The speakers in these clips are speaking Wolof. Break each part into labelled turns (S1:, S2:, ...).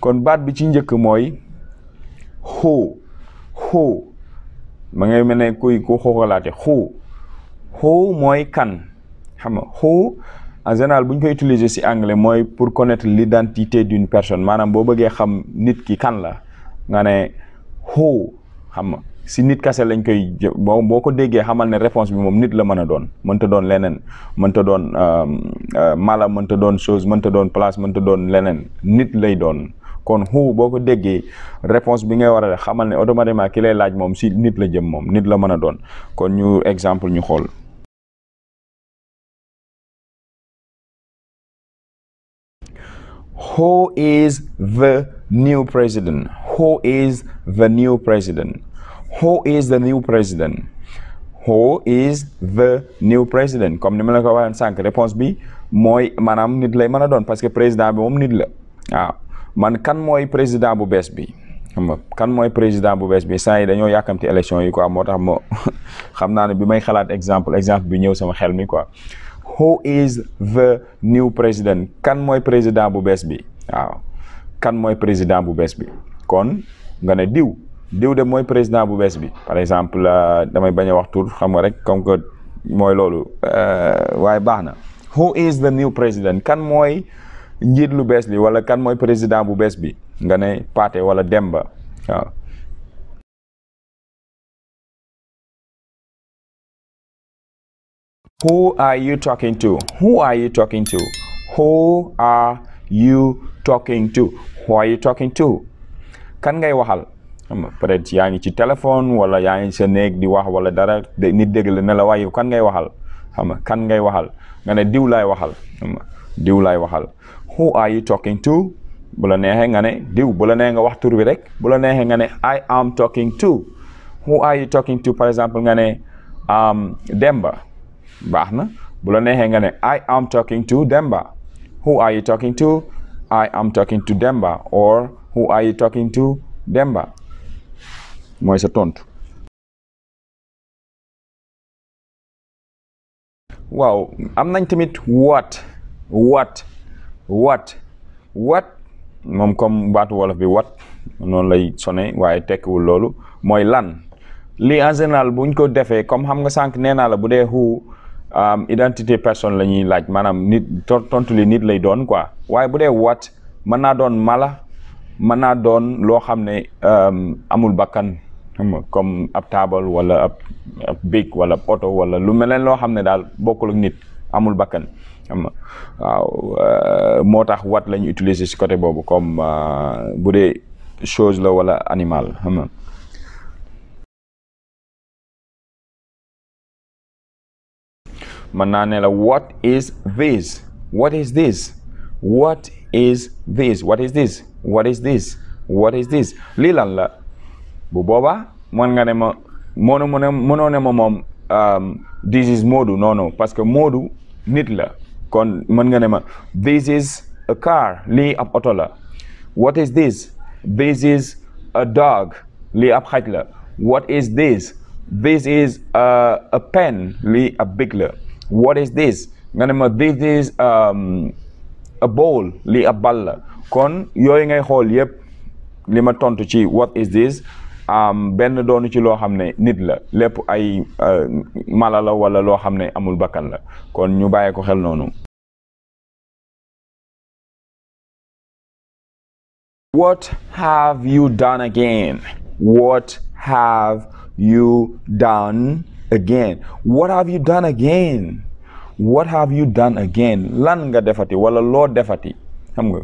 S1: kon baat bi ci njëkk mooy xu xu ma ngay mel ne kuy ku xoogalaate xoo xoo mooy kan xam nga xoo en général bu ñu koy utiliser si anglais mooy pour connaître l'identité d'une personne maanaam boo bëggee xam nit ki kan la nga ne xoo xam nga si nit kase lañ koy boo boo ko déggee xamal ne réponse bi moom nit la mën a doon mënta doon leneen mënta doon euh, euh, mala mënta doon chose mënta doon place mënta doon leneen nit lay doon kon who boo ko déggee réponse bi ngay war a xamal ne automatiquement ki lay laaj moom si nit la jëm moom nit la mën
S2: a doon kon ñu exemple ñu xool who is the
S1: new president who is the new president who is the new president who comme ni ma la ko waxee sànq réponse bi mooy maanaam nit lay mën a doon parce que président bi moom nit la waaw man kan mooy président bu bees bi xam nga kan mooy président bu bees bi saa yi dañoo yàkkamti élection yi quoi moo tax moo xam naa ne bi may xalaat exemple exemple bi ñëw sama xel mi quoi who is the new president kan mooy président bu bees bi waaw kan mooy président bu bees bi kon nga ne diw diw de mooy président bu bees bi par exemple euh, damay bañ a wax tur xam nga rek comme que mooy loolu euh, waaye baax na who is the new président kan mooy njiit lu bees li wala kan mooy président bu bees bi nga ne
S2: Pathé wala Demba waaw who are you talking to who are you
S1: talking to who are you talking to kan ngay waxal peut yaa ngi ci téléphone walla yaa ngi sa néeg di wax wala dara nit dégg ne la waaye kan ngay waxal kan ngay waxal nga ne diw laay waxal diw laay waxal who are you talking to bu neexee nga ne diw bu la neexee nga wax tur bi rek bu neexee nga ne I am talking to who are you talking to par exemple nga ne um, Demba baax na bu neexee nga ne I am talking to Demba who are you talking to am talking Demba or who
S2: are you Demba mooy sa tontu. waaw am nañ tamit what
S1: what. wat wat moom comme baatu wolof bi wat noonu lay sone waaye tekkiwul loolu mooy lan li en général buñ ko defee comme xam nga sànq nee naa la bu dee who um, identité personne la ñuy laaj maanaam nit tontu li nit lay doon quoi waaye bu dee wat mën naa doon mala mën naa doon loo xam ne um, amul bakkan comme ab taabal wala ab ab wala ab oto wala lu mel ne loo xam ne daal bokkul nit amul bakkan xam euh, moo tax wat la ñu utiliser si côté boobu comme euh, bu dee
S2: chose la wala animal xam naa ne la what is this
S1: what is this what is this what la bu boobaa mën nga ne ma mënu mu ne mënoo ne ma moom um, this is Modou non parce que Modou nit la kon mën nga ne ma this is a car lii ab oto la what is this this is a dog lii ab xaj la what is this this is a, pen lii ab big la what is this nga ne ma this is um, a bowl lii ab bal la kon yooyu ngay xool yëpp li ma tontu ci what is this um, benn doonu ci loo xam ne nit la lépp
S2: ay euh, mala la wala loo xam ne amul bakkan la kon ñu bàyyi ko xel noonu What have you done again? What have you
S1: done again? What have you done again? lan nga defati wala loo defati xam nga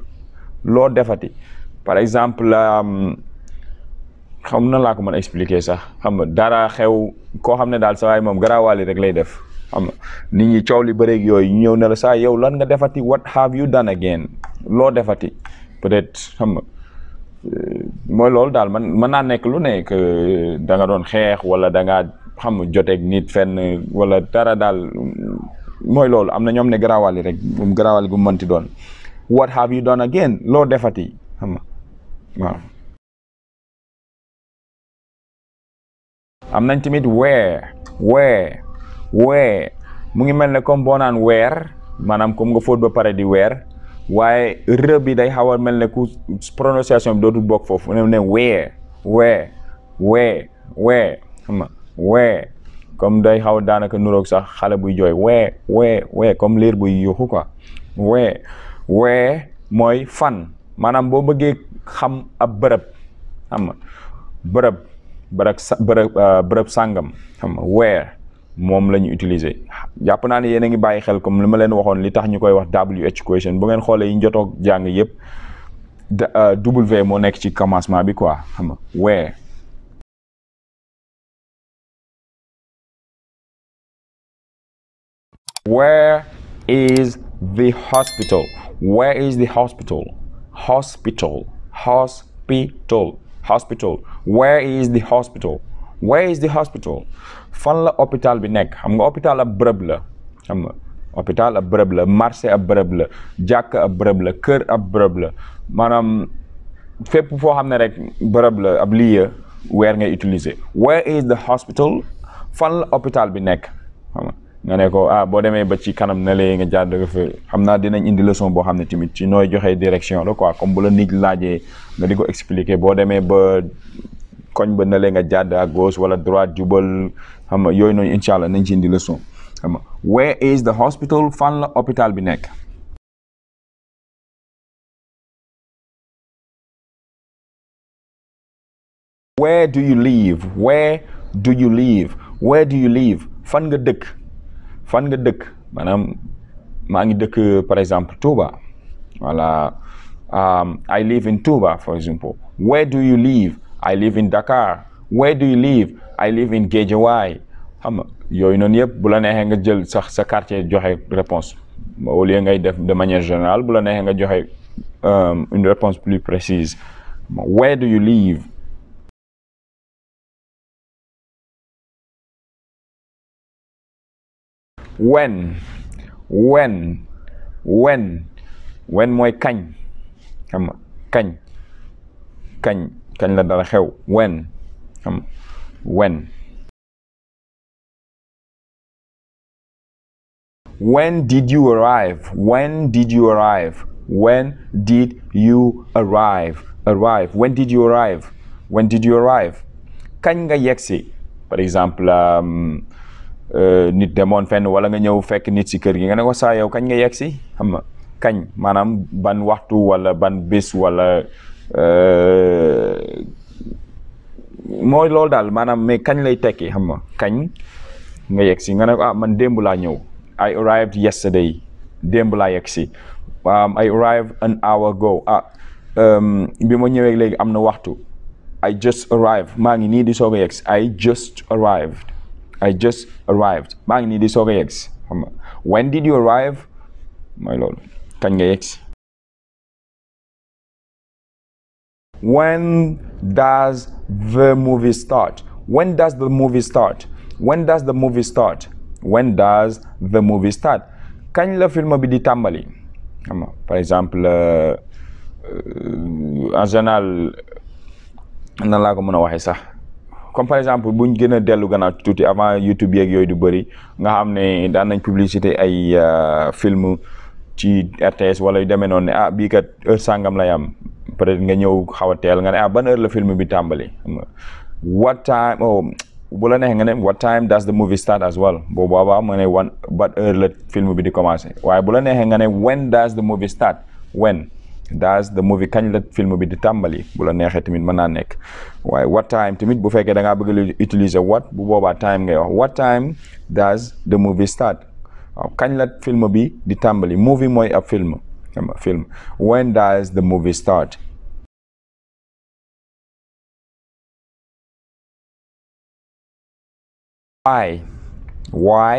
S1: loo defati par exemple um, xam na laa ko mën a expliquer sax xam nga dara xew koo xam ne daal sa waay moom garaawaali rek lay def xam nga nit ñi coow li bëreeg yooyu ñëw na la saa yow lan nga defati what have you done again loo defati peut-être xam mooy loolu daal man mën naa nekk lu ne euh, da nga doon xeex wala danga ngaa xam joteeg nit fen wala dara daal mooy loolu am na ñoom ne garaawali rek garaawali gu mënti doon what have you done again loo defati xam
S2: am nañ tamit where where where mu ngi mel ne comme boo naan weer maanaam
S1: comme nga fóot ba pare di weer waaye rë bi day xaw a mel ne ku prononciation bi dootul bokk foofu ne ne wee wee wee wee comme day xaw daanaka nurook sax xale buy jooy wee wee wee comme liir buy yuuxu ko wee wee mooy fan maanaam boo bëggee xam ab bërëb xam nga bërëb bërëb euh, sàngam xam nga moom la ñu utiliser jàpp naa ne yéen a ngi bàyyi xel comme li ma leen waxoon li tax ñu koy wax WH question bu ngeen xoolee yi njotoo jàng yëpp moo nekk ci
S2: commencement bi quoi xam nga where where is the hospital where is the hospital hospital
S1: hospital hospital where is the hospital where is the hospital fan la hôpital bi nekk xam nga hôpital ab bërëb la xam nga hôpital ab bërëb la marché ab bërëb la jàkk ab bërëb la kër ab bërëb la maanaam fépp foo xam ne rek bërëb la ab lieu weer ngay utiliser where is the hospital fan la hôpital bi nekk xam nga ne ko ah boo demee ba ci kanam ne lee nga jaar dëgg fa xam naa dinañ indi leçon boo xam ne tamit ci nooy joxee direction la quoi comme bu la nit laajee nga di ko expliquer boo demee ba koñ ba na lee nga jàdd à gauche wala droite jubal
S2: xam nga yooyu noonu incha allah nañ ci indi leçon xam nga where is the hospital fan la hôpital bi nekk where do you live where do you live
S1: where do you live fan nga dëkk fan nga dëkk maanaam maa ngi dëkk par exemple Touba voilà um, I live in Touba for example where do you live I live in Dakar where do you live I live in Guédiawaye xam yooyu noonu yëpp bu la neexee nga jël sax sa quartier joxe réponse au
S2: def de manière générale nga joxe euh, une réponse plus where do you live when when
S1: when when mooy kañ xam kañ
S2: kañ kañ la dara xew when xam when when did you arrive
S1: when did you arrive when did you arrive when did you arrive kañ nga yegsi par exemple um, euh, nit demoon fenn wala nga ñëw fekk nit si kër gi nga ne ko saa yow kañ nga yegsi xam nga kañ maanaam ban waxtu wala ban bés wala mooy loolu daal maanaam mais kañ lay tekki xam nga kañ nga yegg si nga ne ah, man démb laa ñëw I arrived yesterday démb laa yegg si um, I arrived an hour ago ah um, bi ma ñëwee léegi am na waxtu I just arrived maa ngi nii di soog a yegg si I just arrived I just maa ngi nii di soog a yegg si xam nga when did you arrive mooy loolu kañ nga yegg When does the movie start? When does the movie start? When does the kañ la film bi di tàmbali xam nga par exemple euh, euh, en général na laa ko mën a waxee sax comme par exemple buñ gën a dellu gannaaw tuuti avant YouTube yeeg yooyu du bëri nga xam ne daan nañ publicité ay euh, film ci RTS wala yu demee noonu ne ah bii kat heure sàngam lay am peut être nga ñëw xaw a teel nga ne ah ban heure la film bi tàmbali what time oh, la neexee nga ne what time does the movie start as well boobu boobaa nga ne wan ban bi di commencé waaye bu la neexee nga ne when does the movie start when does the movie kañ la film bi di tàmbali bu la neexee tamit mën naa nekk waaye what time bu fekkee da ngaa bëgg utiliser what bu boobaa time ngay wax what time does the movie start kañ la film bi di tàmbali movie
S2: mooy ab film xam nga film when does the movie start why why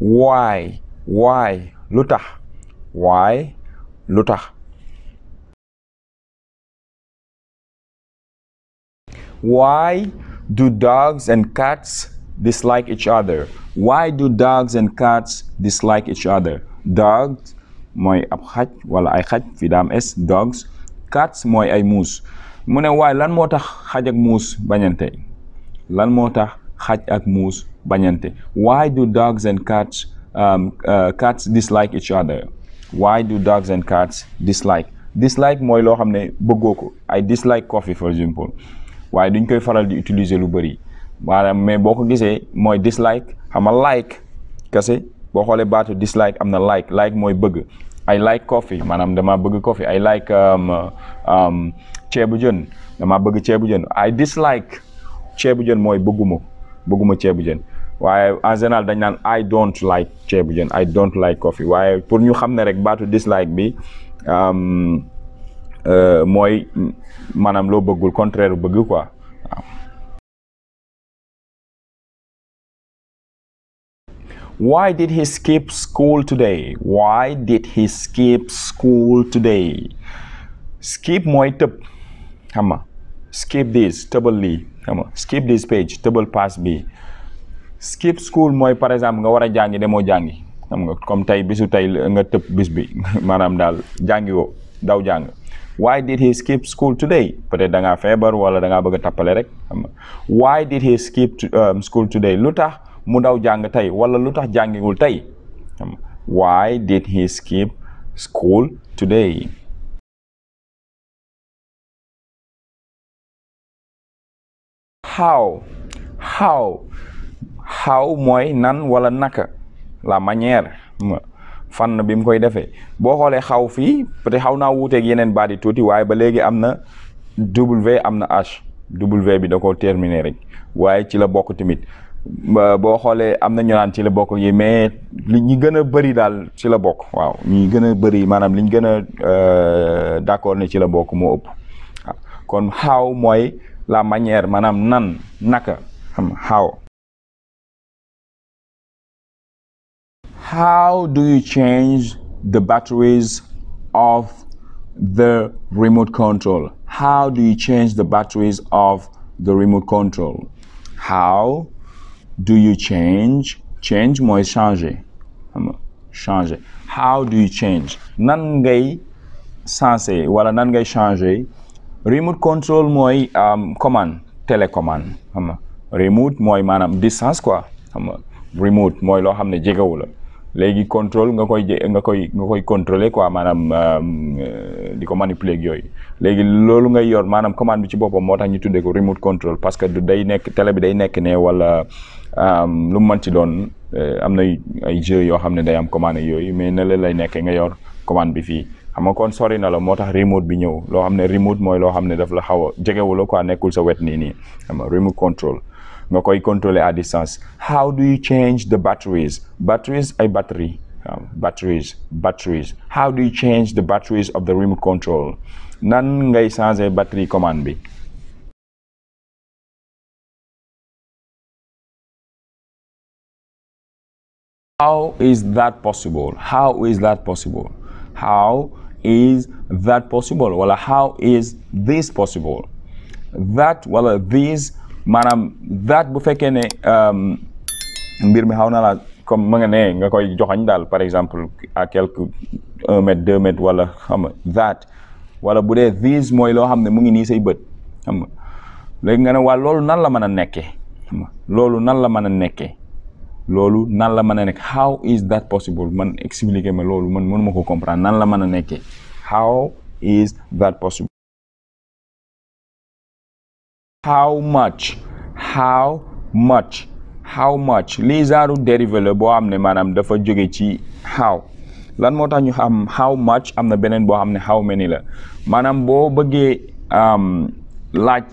S2: why why lu tax why lu tax why do dogs and cats dislike
S1: each other why do dogs and cats dislike each mooy ab xaj wala ay xaj fi daam dogs cats mooy ay muus mune ne lan moo tax xaj ak muus bañante lan moo tax xaj ak muus bañante why do dogs and cats um, uh, cats dislike each other why do dogs and cats dislike dislike mooy loo xam ne bëggoo ko I dislike coffee for example waaye duñ koy faral di utiliser lu bëri maanaam mais boo ko gisee mooy dislike xam nga like kese boo xoolee baatu dislike am na like like mooy bëgg I like coffee maanaam damaa bëgg coffee I like um, um ceebu jën damaa bëgg ceebu jën I dislike ceebu jën mooy bëgguma ko bëgguma ceebu jën waaye en général dañ naan I don't like ceebu jën I don't like coffee waaye pour ñu xam ne rek baatu dislike bi euh, mooy maanaam loo
S2: bëggul contraire bëgg quoi waaw. Why did he skip school today? Why did
S1: he skip school today? Skip mooy tëb xam skip this tëbal lii. xam nga skip this page tëbal pass bi skip school mooy par exemple nga war a jàngi demoo jàngi xam comme tey bisu tey nga tëb bis bi maanaam daal jàngi woo daw jàng why did he skip school today peut-être da ngaa feebar wala da ngaa bëgg a tappale rek xam nga why did he skip um, school today lu tax mu daw jàng tey wala lu tax jàngiwul tey xam nga why did he skip
S2: school today how how
S1: how mooy nan wala naka la manière na bi mu koy defee boo xoolee xaw fii peut-être xaw naa wuuteeg yeneen baat yi tuuti waaye ba léegi am na W am na H W bi da ko terminer rek waaye ci la bokk tamit boo xoolee am na ñu naan ci la bokk yi mais li ñu gën a bëri daal ci la bokk waaw ñi gën a bëri maanaam li ñu gën a euh, d'accord ne ci la bokk moo ëpp kon xaw mooy la manière manaam nan naka xam how
S2: how do you change the
S1: batteries of the remote control how do you change the batteries of the remote control how do you change change mooy changer how do you change nan ngay wala nan ngay changer remote control mooy commande télécommande xam nga remote mooy maanaam distance quoi xam nga remote mooy loo xam ne jegewu la léegi control nga koy nga koy nga koy contrôler quoi maanaam euh, di ko manipuler yooyu léegi loolu nga yor maanaam commande bi ci boppam moo tax ñu tuddee ko remote control parce que du day nekk télé bi day nekk ne wala lu mu mën ci doon euh, am na ay jeu yoo xam ne day am commande yooyu mais ne la lay nekkee nga yor commande bi fii xam nga kon sori na la moo tax remote bi ñëw loo xam ne remote mooy loo xam ne daf la xaw a jegewula quoi nekkul sa wet nii remote control nga koy contrôler à distance how do you change the batteries batteries ay batterie batteries batteries
S2: how do you change the batteries of the remote control nan ngay changer batterie commande bi
S1: how is that possible wala how is this possible that wala these maanaam that bu fekkee ne um, mbir mi xaw na la comme ma nga ne nga koy joxañ daal par exemple à quelque un mètre deux mètres wala xam nga that wala bu dee these mooy loo xam ne mu ngi nii say bët xam nga léegi nga ne waa loolu nan la mën a nekkee loolu nan la mën a nekkee loolu nan la mën a nekk how is that possible man expliquer ma loolu man mënuma ko comprendre nan la man a nekkee how is that possible how much how much how much lii zaaru dérivé la boo xam ne maanaam dafa jóge ci how lan moo tax ñu xam how much am na beneen boo xam ne how many la maanaam boo bëggee laaj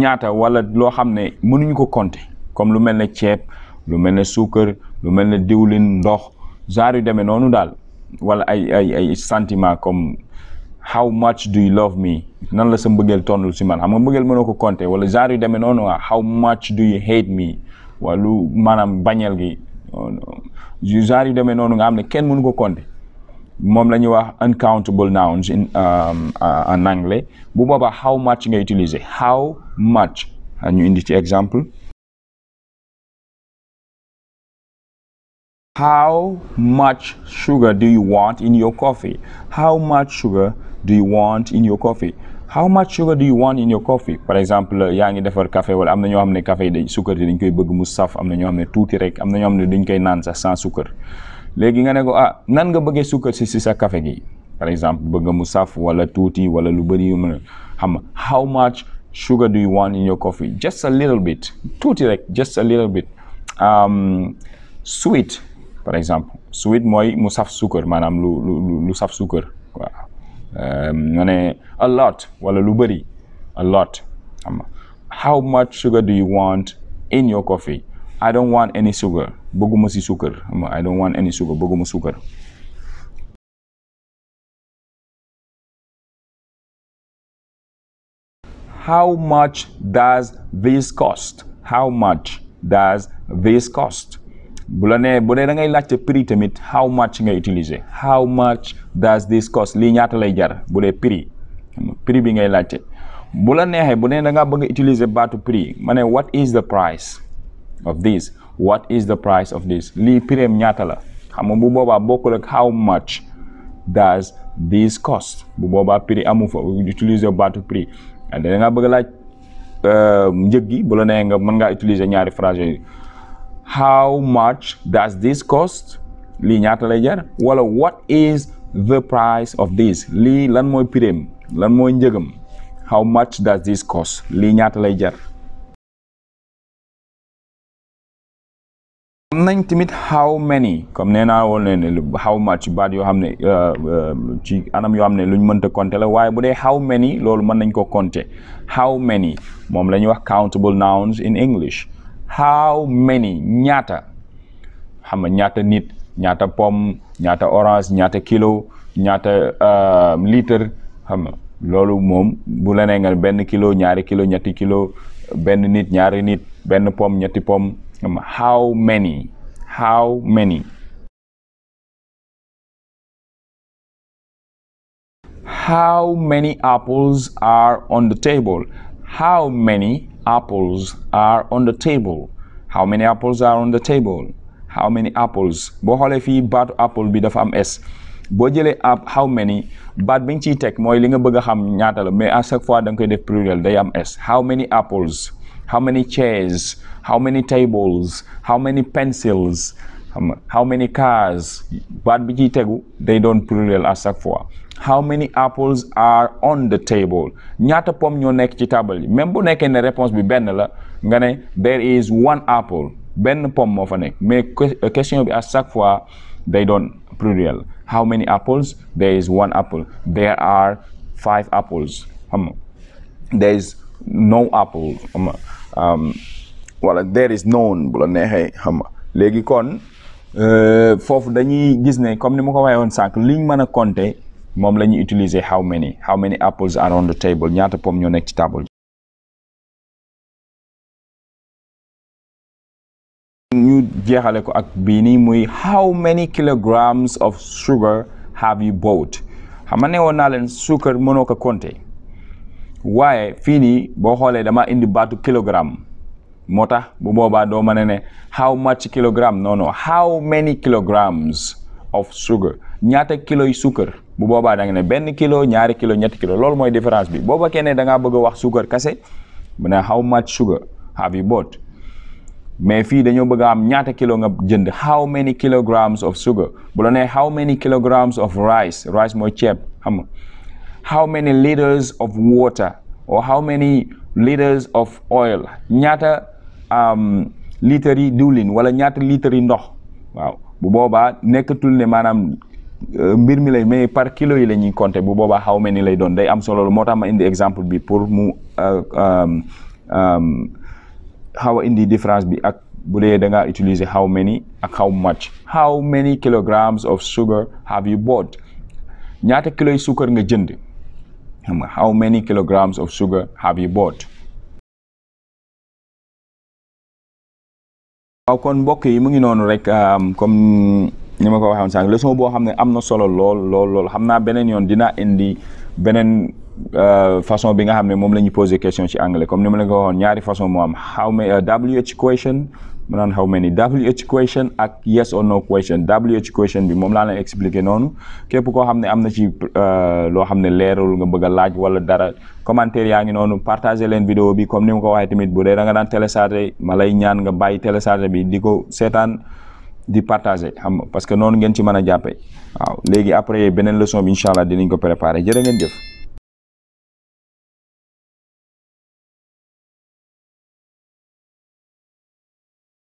S1: ñaata wala loo xam ne mënuñu ko compter comme lu mel ne ceeb lu mel ne suukar lu mel ne diwlin ndox genre yu demee noonu daal wala ay ay ay sentiment comme how much do you love me nan la sa mbëggeel lu si man xam nga mbëggeel mënoo ko compter wala genre yu demee noonu waa ah, how much do you hate me walu maanaam bañel gi oh, genre yu demee noonu nga xam ne kenn mënu ko compter moom la ñuy wax uncountable nouns in um, uh, en anglais bu boobaa how much
S2: nga utiliser how much ñu indi ci exemple How much sugar do you want
S1: in your coffee? How much sugar do you want in your coffee? How much sugar do you want in your Par exemple yaa ngi defar café wala am na ñoo xam ne café yi dañ sukkar yi dañ koy bëgg mu saf am na ñoo xam ne tuuti rek am na ñoo xam ne dañ koy naan sax sans sukkar léegi nga ne ko ah nan nga bëggee sukkar si si sa café gi par exemple bëgg mu saf wala tuuti wala lu bëri yu a xam how much sugar do you want in your coffee just a little bit tuuti rek just a little bit um, sweet par exemple suwit mooy mu saf suukar maanaam lu lu lu saf suukar ehm, a lot wala lu bari a lot xam nga how much sugar do you want in your coffee I don't
S2: want any sugar bëgguma si suukar xam bëgguma suukar how how much does
S1: this cost bu la nee bu dee da ngay laajte prix tamit how much nga utiliser how much does this cost lii ñaata lay jar bu dee prix prix bi ngay laajte bu la neexee bu dee da ngaa bëgg a baatu prix ma ne what is the price of this what is the price lii prix am ñaata la xam nga bu boobaa bokkul ak how much does this cost bu boobaa prix amu fa utiliser baatu prix da ngaa bëgg a laaj euh, njëg gi bu la neexee nga mën ngaa utiliser ñaari phrase yooyu how much does this cost lii ñaata lay jar wala what is the price of this lii lan mooy pireem lan mooy njëgam how much does this cost lii ñaata lay jar man nañ tamit how many comme nee naa woon leen how much baat yoo xam ne euh, euh, ci anam yoo xam ne luñ mënta compter la waaye bu dee how many loolu mën nañ ko compter how many moom la ñuy wax countable nouns in English how many ñaata xam nga ñaata nit ñaata pom ñaata orange ñaata kilo ñaata uh, litre xam nga loolu moom bu la benn kilo ñaari kilo ñetti kilo benn nit ñaari nit benn pomme ñetti pomme xam nga
S2: how many how many how many apples are on the
S1: table how many apples are on the table how many apples are on the table how many apples boo xoolee fii baatu apple bi dafa am s boo jëlee app how many baat bi ñu ciy teg mooy li nga bëgg a xam ñaata la mais à chaque fois da nga koy day am s how many apples how many chairs how many tables how many pencils how many cars baat bi ciy tegu day doon pluriel à chaque fois how many apples are on the table ñaata pomme ñoo nekk ci table yi même bu nekkee ne réponse bi benn la nga ne there is one apple benn pomme moo fa nekk mais euh, question bi à chaque fois day doon pluriel how many apples there is one apple there are five apples is no apple xam nga um, wala there bu la neexee xam nga léegi kon euh, foofu dañuy gis ne comme ni ma ko waxee woon sànq liñ
S2: mën a compter moom la ñuy utiliser how many how many apples are on the table ñaata pomme ñoo nekk ci table ñu jeexale ko ak bii nii muy how many kilograms of sugar
S1: have you bought xam nga ne woon naa leen suukar mënoo ko compter waaye fii nii boo xoolee dama indi baatu kilogramme moo tax bu boobaa doo mën a ne how much kilogramme noonu non how many kilograms of sugar ñaata kiloy suukar bu boobaa da ne benn kilo ñaari kilo ñetti kilo loolu mooy différence bi booba kenn da ngaa bëgg a wax suukar kase mu ne how much sugar have you bought mais fii dañoo bëgg a am ñaata kilo nga jënd how many kilograms of sugar bu la nee how many kilograms of rice rice mooy ceeb xam nga how many liters of water or how many liters of oil ñaata um, yi diwlin wala ñaata litres yi ndox waaw bu boobaa nekkatul ne maanaam mbir mi lay mais par kilo yi la ñuy bu boobaa xaw ma ni lay doon day am solo moo tax ma indi exemple bi pour mu euh, euh, euh, xaw a indi différence bi ak bu dee danga ngaa utiliser how many ak how much how many kilograms of sugar have you bought
S2: ñaata kilo yi suukar nga jënd xam nga how many kilograms of sugar have you bought. waaw kon mbokk yi mu ngi noonu rek comme. ni ma ko waxee woon sànq leçon boo xam ne am na solo lool
S1: lool xam naa beneen yoon dinaa indi beneen euh, façon bi nga xam ne moom la ñuy poser question ci anglais comme ni ma la ko waxoon ñaari façon moo am how many WH euh, question mu naan how many WH question ak yes or no question WH question bi moom laa leen expliqué noonu képp koo xam ne am na si euh, loo xam ne leerul nga bëgg laaj wala dara commentaire yaa ngi noonu partagé leen vidéo bi comme ni ma ko waxee tamit bu dee da nga daan télécharger ma lay ñaan nga bàyyi télécharger bi di ko seetaan. di partager xam parce que noonu ngeen ci mën a jàppee waaw léegi après
S2: beneen leçon bi incha allah dinañ ko préparer jërë ngeen jëf.